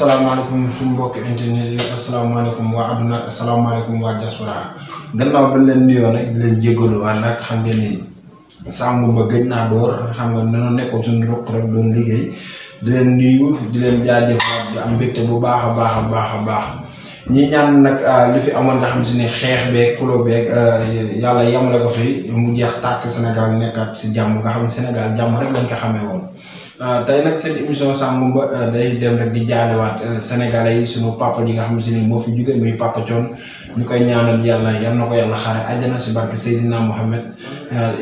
asalaamaaleykum suñ mbokk internet yi asalaamaaleykum waa àdduna asalaamaaleykum waa diaspora gannaaw dañ leen nuyoo nag di leen jégalu waa nag xam ngeen ni sàmm ba gëj naa door xam nga dañoo nekkoon liggéey di leen nuyu di leen jaajëfal bu baax baax a baax a baax ñi nag ah, li fi amoon nga xam si ni xeex beeg kulo beeg ah, yàlla yamale ko fi mu jeex tàkk Sénégal nekkaat si jàmm nga xam Sénégal jàmm rek lañ ko xamee woon. Euh, tey nag seen émission Sangomba euh, day dem rek di jaalewaat euh, sénégalais yi sunu papa yi nga xam si ni moo fi jóge muy papa ñu koy ñaanal yàlla yal na ko yàlla xaare àjjana si barke Seydina Mohamed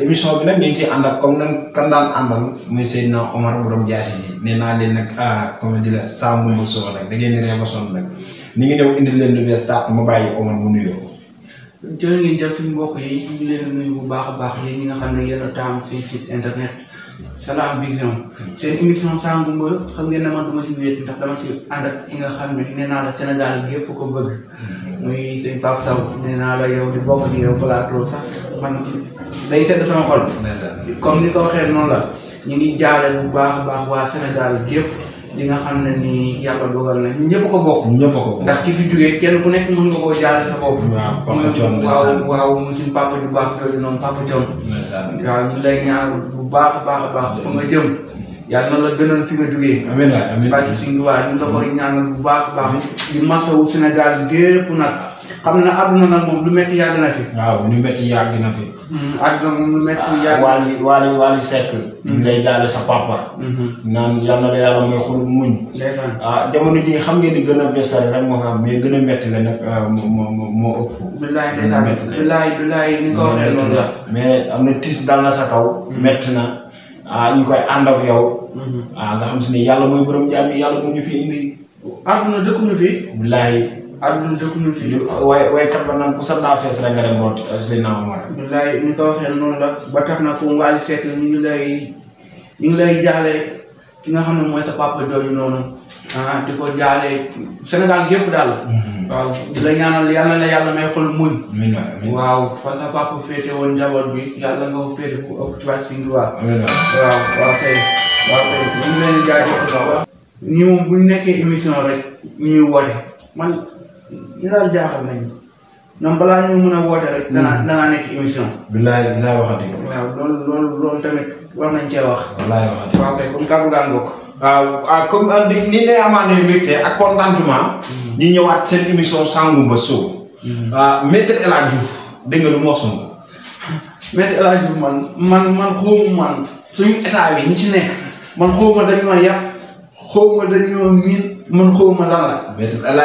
émission bi nag ngi siy ànd ak comme nan kan daan àndal muy Seydina Omar borom jaasi ji nee naa leen nag ah comme di la Sangomba Sow rek da ngeen di ree ba sonn rek ni ngi ñëw indi leen lu bees tàq ma bàyyi Omar mu nuyoo. jërë ngeen jëf suñu mbokk yi ñu leen nuyu bu baax a baax yéen ñi nga xam ne yéen a taam fii internet. Salam Vision seen émission Sangou Mbeur xam ngeen ne man dama ci wéet ndax dama ci ànd ak ki nga xam ne nee naa la Sénégal gépp ko bëgg muy sëñ Pape Sow nee naa la yow di bokk ci yow plateau sax day sedd sama xol comme ni ko waxee noonu la ñu ngi jaale bu baax baax waa Sénégal gépp li nga xam ne ni yàlla dogal na ñun ñëpp ko bokk. ndax ki fi jógee kenn ku nekk mën nga koo jaale sa bopp. waaw papa waaw mu suñu papa ju baax jooju noonu papa Thion. waaw ñu lay ñaar. baax a baax a baax nga jëm yàlla na la gënal fi nga jógee amiin amiin bàcci suñu duwaay ñu la koy ñaanal bu baax a baax di masawu Sénégal gépp xam na àdduna nag moom lu métti yàgg na fi. waaw lu métti yàgg na fi. Mm, àdduna moom lu ah, mm-hmm. sa papa. Mm-hmm. naan yal na ah, jamono ji xam ngeen ni gën a a métti la nag ah, moo am na tiis dal na sa kaw. métti mm-hmm. na ah yàlla mooy dëkkuñu fi. billaay. àdduna dëkkuñu fi. waaye waaye kat ba naan ku sànnaa fees rek nga dem rooti euh, Seydina Omar. wallaay ni ko waxee noonu la ba tax na ko Waly Seck ñu ngi lay ñu ngi lay jaale ki nga xam ne mooy sa papa jooju noonu ah di ko jaale Sénégal yëpp daal. Mm-hmm. waaw di la ñaanal yàlla na yàlla may xol muñ. waaw fa sa papa féete woon njaboot bi yàlla nga ko féete fu ëpp ci waat si nduwaat. waaw waaw kay waaw kay ñu ngi leen di jaajëfal waaw. ñi moom bu ñu nekkee émission rek ñuy woote man. ñu daal jaaxal nañu ñoom balaa ñu mën a woote rek. danaa hmm. danaa nekk émission. billaay billaay waxati ko. waaw loolu loolu loolu tamit war nañ cee wax. wallaay waxati waaw kay comme kàddu gaan bokk. waaw ah, ah, comme ah, ni ne amaane mbégte ak hmm. hmm. lu mu suñu état bi ñu ci nekk man xawma dañu ma yàpp xawma dañu ma miin man xawma lan la. maître El la.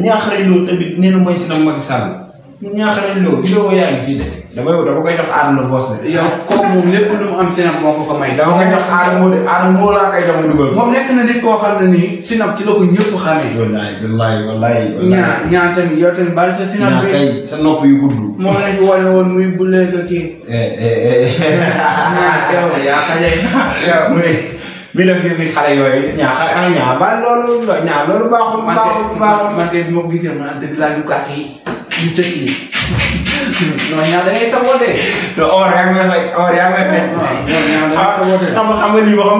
ñaaxal loo tamit nee na mooy si de. dama yow dama koy jox aadama boos de. yow kooku moom sinap moo ko moo laa koy jox mu dugal. moom nekk na nit koo xam ne nii sinap ci la ko ñëpp xamee. bi. Eh, eh, eh. ñaa kay muy bi def ñu fi xale yooyu ñaa xale eh, ñaa ba loolu ñaa loolu baaxul. baaxul baaxul man de man de gisee man de village yu gàtt yi yu njëkk yi non ñaa da ngay tawoo de. yaa ngi may or yaa ngi may. xam laa ilaaha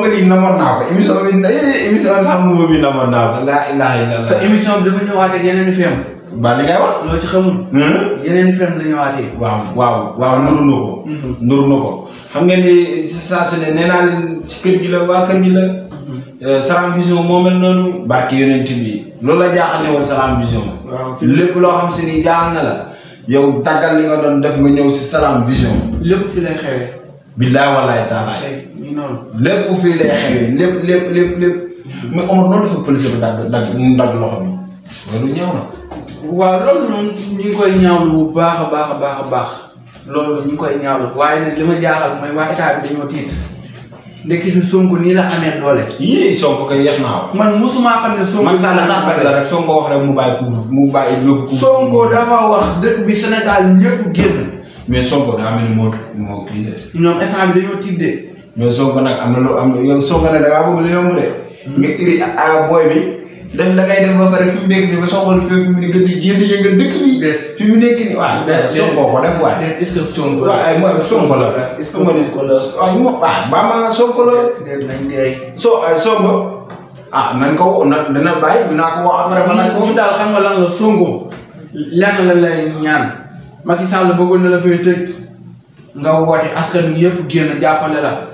illallaah. sa dafa ñëwaat ak yeneen i feem. ba ngay wax. loo ci xamul. Hmm? yeneen i feem la waaw waaw waaw ko. Hmm. nuru ko. xam ngeen ni saa su ne nee naa leen ci kër gi la waa kër gi la. Mm-hmm. Salam Vision moo mel noonu. barke yonent bi loolu la jaaxal ne woon Salam Vision. lépp loo xam si ni jaaxal na la. yow daggal li nga doon def nga ñëw si Salam Vision. lépp fi lay xewee. billaay walaay taalaay. lépp fii lay xewee lépp lépp lépp lépp. Mm-hmm. mais Omar noonu dafa police dagg dagg mu dagg loxo bi loolu ñaaw na. waaw loolu moom ñu ngi koy ñaawlu bu baax baax a baax a baax. loolu ñu ngi koy ñaawlu waaye nag li ma jaaxal mooy waa état bi dañoo tiit ndekki Sonko nii la amee doole. yii Sonko kay yéex naa ko. man musuma xam ne Sonko. mu bàyyi mu bàyyi yóbbu. Sonko dafa wax dëkk bi Sénégal ñëpp génn. mais Sonko daa mel ni moo moo kii de. ñoom instant bi dañoo tiit de. mais Sonko nag am na lu am yow Sonko nag da ngaa bëgg lu yomb de. Hmm. nga iri a booy bi. def la ngay def ba pare fi mu nekk nii ba soxal fi mu nekk nii yéen a yëngal dëkk bi. fi mu nekk nii ko la mooy Sonko la. est ce que Sonko la waaw la. so ah, Sonko. ah man nga lan la la lay ñaan. Macky Sall bëggoon la fay nga woote askan wi yëpp génn jàppale la.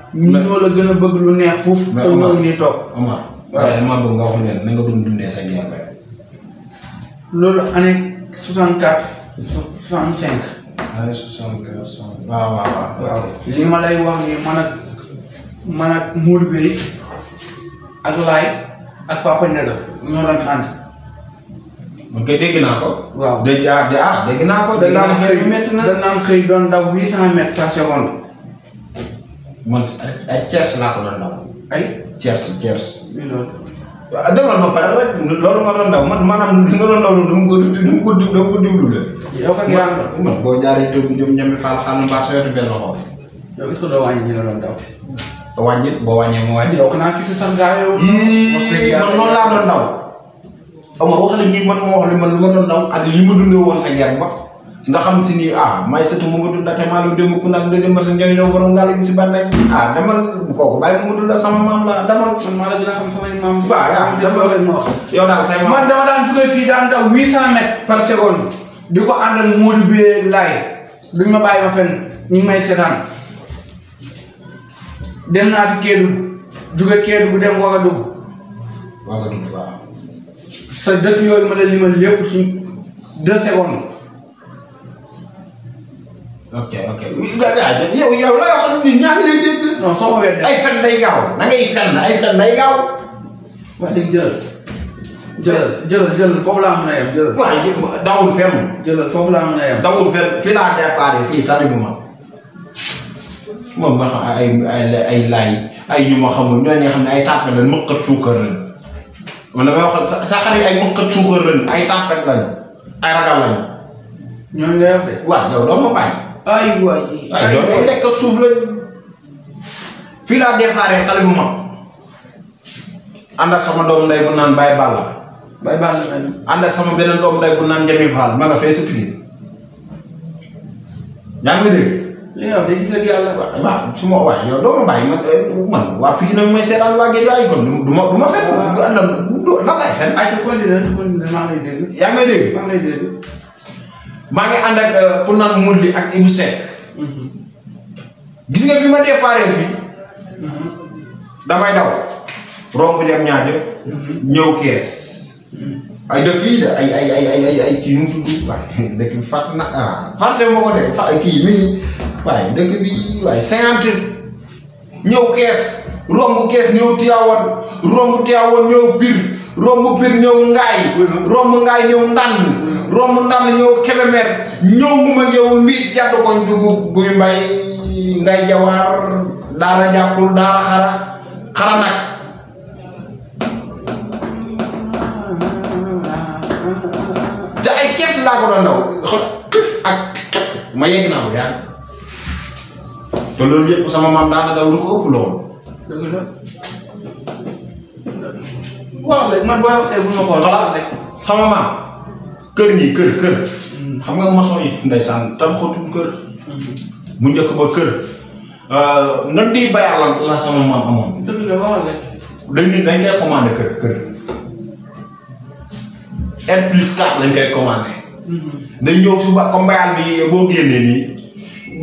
ñu ñoo la gën a bëgg lu neex foofu. mais Omar soo ni Omar waaye damaa bëgg nga wax na nga doon dundee sa guerre ba loolu année 64 65. année 64 waaw waaw waaw. li ma lay wax ni man ak man ak Modou ak Laay ak Papa Ndéla ñoo doon ànd. man dégg naa ko. waaw de ah, ah dégg naa ko. dégg naa ko xëy na dégg naa xëy doon daw 800 mètres par seconde. man ay Thiès laa ko doon daw. ay Thiès Thiès. waaw demal ba pare rek loolu nga doon daw man maanaam li nga doon daw dama dama ko dama la. man boo jaaree tëb ñoom ñoom Fall xaaral mbaa sa wetu benn loxo. yow est-ce que doo wàññi ñu la gaa yow. man noonu ma lu ma doon daw ak li ma dundee woon sa gerte nga xam si nii ah may sëtu mu nga dunda te maa lu démb ku nag ndëgëm ba te ñooy ñëw borom ngàll gi nga ah, dunda sama maam la demal. man maa la gën a xam fii daan daw 800 mètres par seconde di ko àndal Modou Bié ma bàyyi ma fenn ñu ngi may dem naa fi sa dëkk yooyu ma la limal yëpp ci deux secondes. ok ok yow yow lay wax nit ñaa ngi lay dégg. non soo ko weeree ay fen na ngay fen ay fen foofu laa mën a yem jëlal. waaw yëpp dawul fenn. jëlal foofu laa mën a yem. dawul fenn fii laa départ fii tali bi ma. moom ma xam ay ay ay laay ay ma xamul ñooñu ay tàppe lañ mëkkat suukar ay mëkkat suukar ay tàppe lañ ay ragal wax yow doo ma bàyyi. ay waay ay waay suuf lañ fii laa déparé xale bu mag sama doomu ndey bu naan Baye Balla. Baye Balla man. ànd ak sama beneen doomu ndey bu naan Jami Fall ma nga fee si Pikine. yaa ngi dégg. su ma waay yow doo eh, man waa Pikine nag may seetaan waa Géej waaye kon du ma du ma fen. waaw ah. lan ay continué maa ngi ànd ak euh, pour naan Modou Ly ak Ibou Seck gis nga bi ma déparé fii damay daw romb dem ñaajo ñëw kees ay dëkk de ay ay ay ay kii mu tudd waaye dëkk bi na ah fàtte ma ko de fa kii mi waaye dëkk bi waaye cinquante ñëw kees romb kees ñëw Tivaouane romb Tivaouane ñëw Pire romb biir ñëw ngaay romb ngaay ñëw ndànn romb ndànn ñëw Kébémer ñëw mu ma ñëw mbi jàddu koñ dugub guy mbay ngay jawaar daara jàkkul daara xara xara nag te ay ceeb laa ko doon daw xol këf ak ma yegg naa ko yaa te loolu yëpp sama maam daana daw lu ko ëpp loolu waaw rek man booy waxee sama maam kër ñi kër kër. xam nga maçon yi ndeysaan tabaxatuñ kër. bu njëkk ba kër. Euh, nan di bayal la la sama maam amoon. dañ ni dañ koy commandé kër kër. R plus 4 lañ koy commandé. Mm-hmm. dañ ñëw fi ba comme bayal bi boo génnee nii.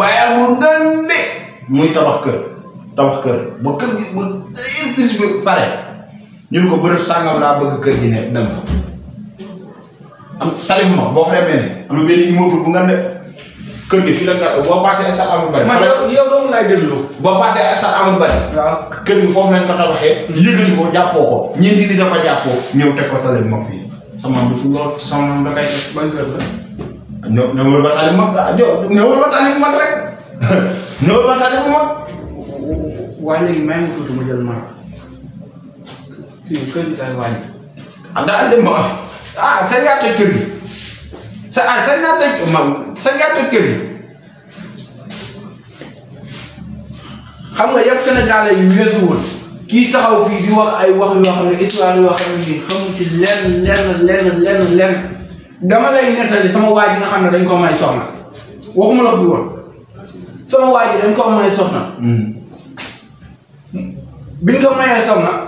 bayal bu ngande muy tabax kër. tabax kër ba kër gi ba R plus bi pare. ñu ko bërëb sàngam laa bëgg kër gi ne dem am tali boo fa demee ne am na benn immeuble bu nga ne kër gi fii la nga boo paasee stade Amadou Barry. man kër gi foofu lañ ko tabaxee. ko jàppoo ko. fii. sama du fu lool sama da kay def. kër la. ñoo ñoo ba tali bu ba tali rek ñoo ba tali bu mag. may ma tuuti ma jël ma. kër gi daal wàññi. ah daal dem ba ah sañ ngaa toj gi sa ah sañ gi. xam nga yëpp Sénégalais yi weesu woon kii taxaw fii di wax ay wax yoo xam ne histoire yoo xam ne bii xamu ci lenn lenn lenn lenn lenn dama lay nettali sama waa ji nga xam ne dañ ko may soxna waxuma la ko woon sama waa ji dañ ko may soxna. Hmm. biñ ko mayee soxna.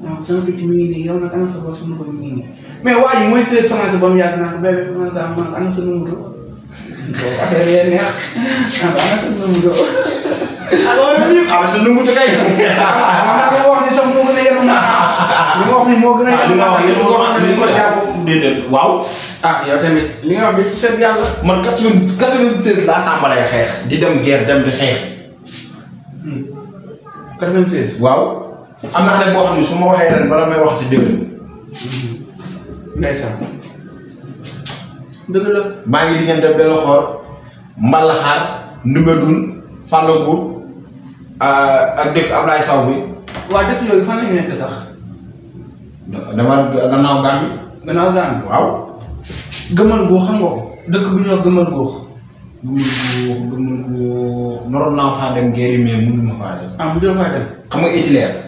non sama picc mi nag ana sa bopp suñu ko mi nii mais waa mooy sëy soxna si ba mu naa ko bébé soxna si am ana sa numéro boobu affaire ana sa numéro am sa moo gën a yenu li nga wax ni moo gën a yenu li moo gën man quatre-vingt-seize laa tàmbalee xeex di dem guerre dem di xeex quatre vingt waaw am na xale boo xam ne su ma waxee ren bala may wax ci déwén. ndeysaan. dëgg la. maa ngi diggante Beloxor Mbalaxaar Ndoumbédoune Fandoukou euh, ak dëkk Ablaye Sow bi. waa dëkk yooyu fan lañu nekk sax. dama gannaaw gaan bi. gannaaw gaan waaw. gëmal góox xam nga ko. dëkk bu ñuy wax gëmal góox. gëmal góox gëmal dem géeri mais mënu ma faa dem. ah mu faa dem. xam nga itilaire.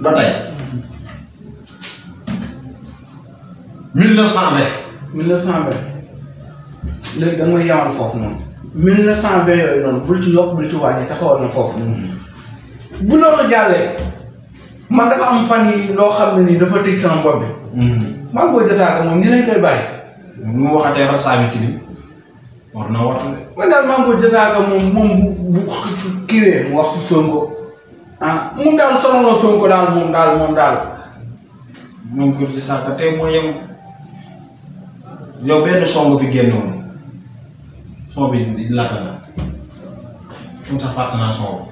ba tey. 1920. 1920 léegi da nga may yawal foofu noonu. 1920 yooyu noonu bul ci yokk bul ci wàññi taxawal na foofu. Mm-hmm. bu loolu jàllee man dafa am fan yi loo xam ne nii dafa tëj sama bopp bi. Mm-hmm. maa ngi koy desaaka moom ni lañ koy bàyyi. mu waxatee rek saa bi tilim war na war. man daal maa ngi koy moom moom bu bu mu wax su Sonko. ah moom daal sonal na Sonko daal moom daal moom daal. moom Kër gi tey moo yem yow benn son nga fi génn son bi laata la moom sax fàtte naa son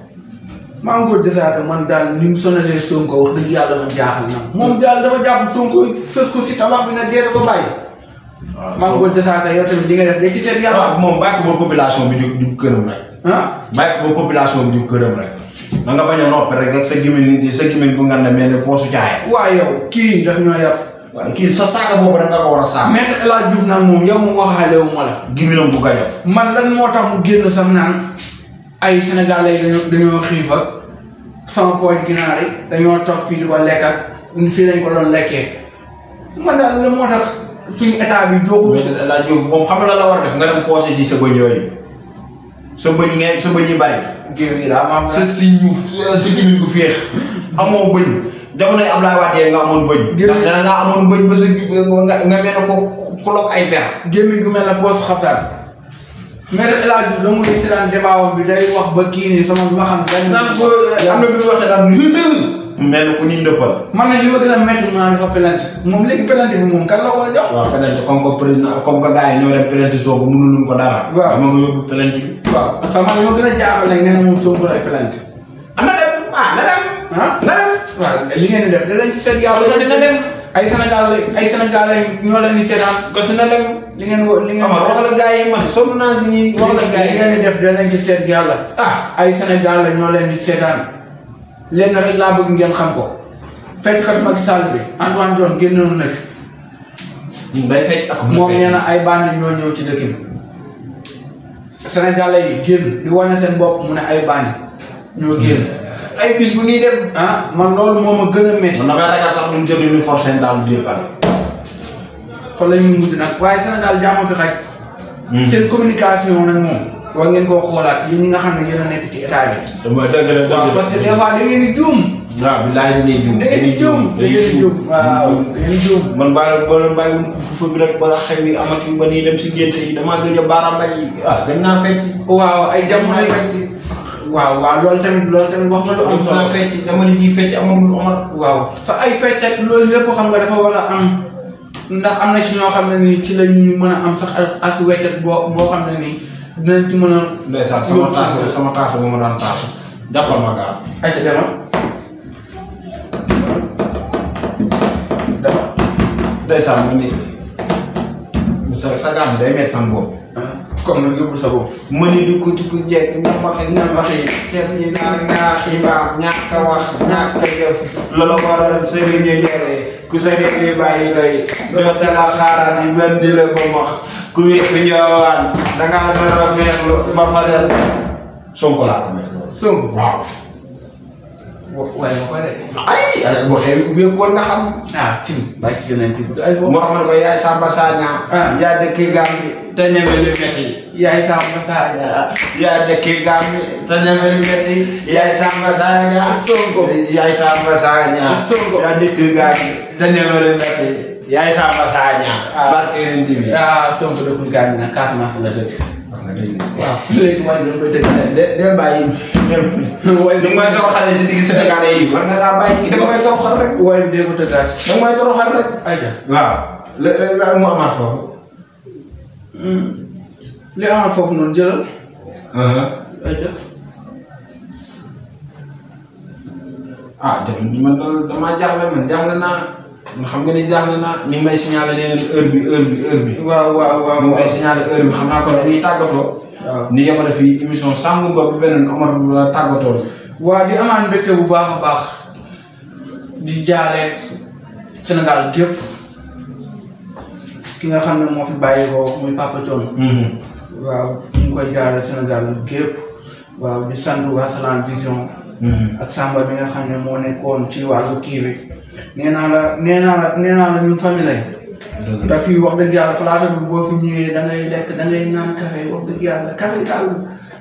ko daal ni mu sonalee Sonko dëgg yàlla man jaaxal na moom daal dafa jàpp Sonko sës ko si tabax bi nga dee ko bàyyi. waaw ah, li nga def léegi ci seen ah, moom bàyyi ko ba population bi du du këram rek. Ah? bàyyi ko ba population bi du këram rek. na nga bañ a noppi rek ak sa gémmiñ bu nga ne mel ni poosu caay. waaw yow kii daf ñoo yàpp. kii sa saaka boobu rek ko war a saaka. maître El Hadj Diouf naan moom yow la. moo tax mu génn sax naan ay sénégalais dañoo dañoo ginaar yi dañoo toog fii di ko lekk ko doon lekkee man daal moo tax suñu bi doo. maître la la war a def nga dem poosé ci sa bëñ yooyu sa bëñ yi bari. géew yi sa si ñu si ñu gu féex amoo bëñ jamonoy Abdoulaye Wade nga amoon bëñ. dana nga amoon bëñ ba sa nga nga mel ko ku lokk ay per. gémmiñ gu mel ne poos xaftaan. maître El Hadj Diouf da nga débat bi day wax ba kii nii sama ma xam. dañ bi mu waxee daal mel ku ñuy dëppal. man nag li ma gën a métti maanaam dafa pelante moom léegi pelante bi moom kan la ko jox. waaw pelante comme que président comme que gars yi ñoo a jaaxal ah, ah, ah? li ngeen def da leen ci seet yàlla. kon na dem. ñoo leen di seetaan. kon li ngeen wo li ngeen. ama wax la gars def da leen ci seet yàlla. ah ay la ñoo leen di seetaan lenn rek laa bëgg ngeen xam ko fecc kat Macky Sall bi Antoine Diome génnoon na fi. bay fecc ak moom nee na ay bandi ñoo ñëw ci dëkk bi. yi génn di wane seen bopp mu ne ay bandi ñoo génn. ay bis bu ñuy dem. Ah, man loolu moom ma gën a métti. man damaa ragal sax duñ jël ñu forcé daal di pare. fa la ñuy mujj nag waaye Sénégal jàmm fi xaj. Hmm. seen communication nag moom. war ngeen koo xoolaat yéen ñi nga xam ne yéen a nekk ci état yi. mooy dëgg la dëgg la parce que des fois da ngeen di juum. waaw bilaay da ngeen di juum da ngeen di juum da ngeen di juum waaw da ngeen di juum. man bàyyi ba doon bàyyi ko fufa bi rek ba xew yi amati ba nii dem si génte yi damaa gëj a baaraam bay ah gën naa fecc. waaw ay jamono yi waaw waaw loolu tamit loolu tamit wax nga lu am solo fecc jamono ji fecc amul Omar waaw sa ay fecc ak loolu lépp xam nga dafa war a am ndax am na ci ñoo xam ne nii ci la ñuy mën a am sax as weccet boo boo xam ne nii dinañ ci mën a. ndeysaan sama taas sama taas bu daan taas jàppal ma gaaw. ayca demal. demal. ndeysaan ma ni sa sa day métti sama ah, comme nag yóbbul sa bopp. ma ni du ko tukku jekk ñam wax ñam wax yi. tees ñi naan ñaax yi baax ñàkk wax ñàkk a jëf. loolu waral sëriñ yi ku sa nit li bàyyi doy doxte la xaaral yi ban di la ba mox ku wér ku njoowaan dangaa nar a feexlu ba fa del Sonko laa ko may loolu Sonko waaye ay boo xew ubbeeku woon nga xam. ah ci bàcc nañ ci ay foofu. moo xam ne ko yaay ah. yaa dëkkee Gàmbi te ñeme lu yaay Samba Sagna. Ah, yaa yaay Samba Sagna. Sonko yaay Samba Sagna. Sonko yaay Samba Sagna. ah, ah de. de da nga may toroxal si digg Sénégal yi war nga hmm. uh-huh. ah, man damaa jaaxle naa man xam nga ni jaaxle naa ñu ngi may signaler ne heure bi heure bi heure bi. waaw waaw waaw ñu may signaler heure xam naa ko dañuy tàggatoo. ni nga ma def fii émission sàngu ba bu beneen tàggatoo waa di amaan mbégte bu baax a baax di jaale Sénégal gépp ki nga xam ne moo fi bàyyi ko muy Papa mm-hmm. waaw ñu ngi koy jaale Sénégal gépp waaw di sant waa Vision mm-hmm. ak Samba bi nga xam ne moo nekkoon ci wàllu kii bi nee naa la nee la nee la ñun famille dëgg la fii wax dëgg yàlla plateau bi boo fi ñëwee da ngay lekk da ngay naan café wax dëgg yàlla café daal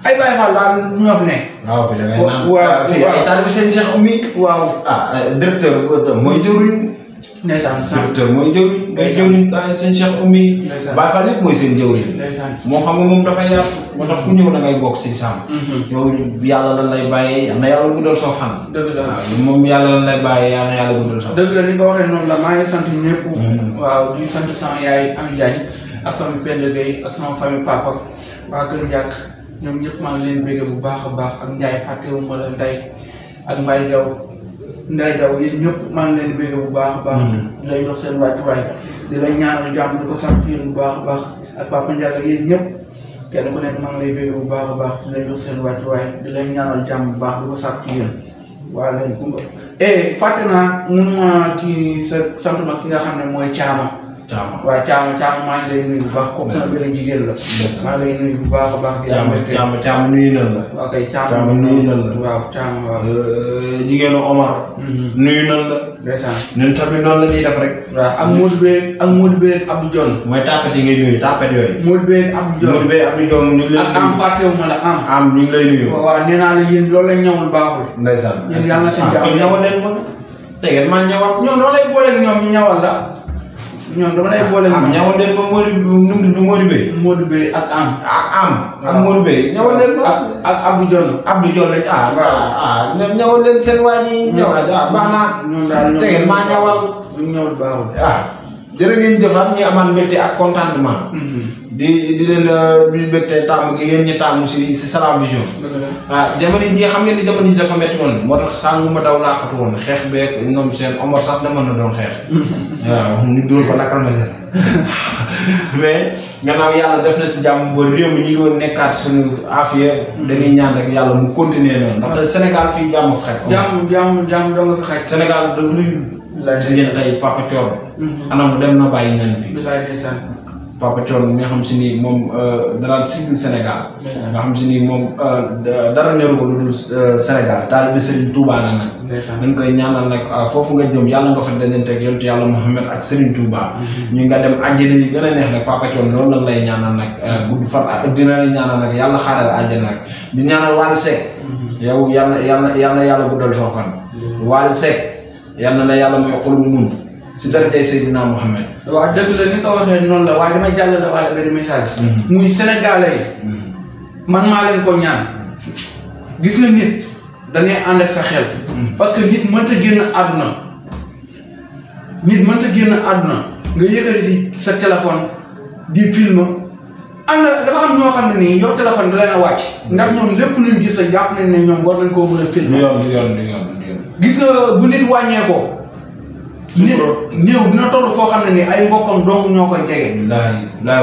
ay Baye Fall daal ñoo fi ne. waaw fi da ngay naan ah, waaw fii ay taalibe seen Cheikh Oumy. waaw ah directeur mooy jëriñ. ndeysaan directeur mooy jëwriñ mooy jëwriñ seen Cheikh Oumy Baye Fall mooy seen jëwriñ moo xam nga moom dafay yàq moo tax ku ñëw da ngay bokk si sàmm mhm. yàlla lan lay bàyyee yàlla guddal soo fan la waaw moom yàlla lan lay bàyyee yal na yàlla guddal soo dëgg la ni nga waxee noonu la maa ngi sant ñëpp mhm. waaw di sant sama yaay Ami Diagne ak sama ak sama famille papa waa Kër Ndiak ñoom ñëpp maa ngi leen bégge bu baax a baax ak Ndiaye fàttewuma la Ndeye ak Mbaye Diaw nday daw yéen ñëpp maa ngi leen di bu baax a baax. Mm-hmm. di seen wàccuwaay di lay ñaanal jàmm bu baax baax ak papa Ndiaye ak yéen ñëpp kenn ku maa ngi lay bëgg bu baax a baax di seen wàccuwaay di lay ñaanal jàmm bu baax di ko sant waa leen kumba. eh fàtte naa mun ma kii sa sant ma ki nga xam ne mooy caama. caama waaw caama caama maa ngi lay nuyu la. maa ngi bu baax a baax. caama caama caama nuyu nan la. ok caama caama nuyu nan la. waaw caama waaw. Euh, jigéenu Omar. Mhm. nuyu nan la. ndeysaan ñun tamit la ñuy def rek. ak Modou Beye ak Modou Beye ak Abdou Dione. mooy yi ngay nuyu tàppat yooyu. Modou Beye ak Abdou Dione Modou Beye Abdou Dione ñu lay nuyu. ak am fàttewuma la am. am ñu ngi lay nuyu. waaw nee naa la yéen loolu la ñawul baaxul. ndeysaan yéen yàlla na seen ah, jàmm. kon ñawal leen ma. dégg nga maa ñawal. ñawal la ñoom dama lay boole. ah ñawandeel ba Modou du Modou Bey. Modou Bey ak Am. ah Am ak Modou Bey. ñawandeel ba ak ak Abdou Dione. Abdou Dione ah seen waa ji. ñawal ah baax na. ñoom daal ñoom tey maa ñawal. du ñawal baaxul. ah ñu amal mbégte ak contentement. di di leen euh, di mbégte taamu gi yéen ñi taamu si si Salam Vision. waaw jamono ji xam nga ni jamono ji dafa métti woon. moo tax sàngu ma daw laaxatu woon xeex beeg ñoom seen Omar sax demoon na doon xeex. waaw ñu dóor ko ma seen mais def si jàmm ba nekkaat suñu affaire. Mm-hmm. dañuy ñaan rek yàlla mu continuer noonu. Mm-hmm. ndax Sénégal fii jàmm fa xaj. jàmm jàmm jàmm doo nga fa xaj. Sénégal da luy. si ngeen tey Papa Thioro. Mm-hmm. anam dem na bàyyi ñan fii. Papa Thion mi nga xam si ni moom euh, danaan xam si ni moom euh, dara ñoru ko lu dul euh, Sénégal taal bi Serigne Touba na nag. dañ koy ñaanal nag foofu nga jëm yàlla nga fa dajanteeg yonent yàlla Mouhamed ak Serigne Touba. Mm-hmm. ñu nga dem àjjana yi gën a neex nag Papa Thion loolu lan lay ñaanal nag gudd fan dina ñaanal nag yàlla xaaral àjjana nag di ñaanal Wally Seck. Mm-hmm. yow yàlla yàlla yàlla guddal soo fan. Wally yàlla na yàlla may xolum mun. si darajay Seydina Mohamed. waaw dëgg la ni ko waxee noonu la waaye damay jàllale wàlla benn message. Mm-hmm. muy sénégalais mm-hmm. man maa leen ko ñaan. gis nga nit da ngay sa xel. Mm-hmm. parce que nit mënta génn àdduna. nit mënta génn àdduna nga yëkkati sa téléphone di film. am na dafa am ñoo xam ne nii yow téléphone da leen a wàcc. ndax ñoom lépp luñ gis sa jàpp nañ ne ñoom war nañ koo mën a film. du yoon du yoon du yoon. gis nga bu nit wàññeekoo. néew dina toll foo xam ne ni ay mbokkam dong ñoo koy jege. laay laay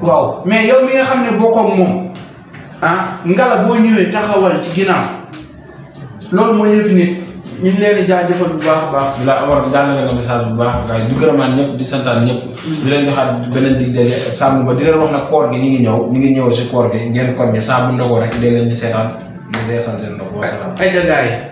waaw mais yow mi nga xam ne bokkoog moom ah ngala boo ñëwee taxawal ci ginnaaw loolu moo yëfi nit ñu ngi leen di jaajëfal bu baax a baax. la war jàllale nga message bu baax a baax di gërëmaat ñëpp di santaan ñëpp. Mm. di leen joxaat beneen dig daje sàmm ba di leen wax na koor gi ñu ngi ñëw ñu ngi ñëw si koor gi ngeen kon ne saa bu ndogoo rek dee leen ñu seetaan ñu dee sant seen ndogu wasalaam. ay ay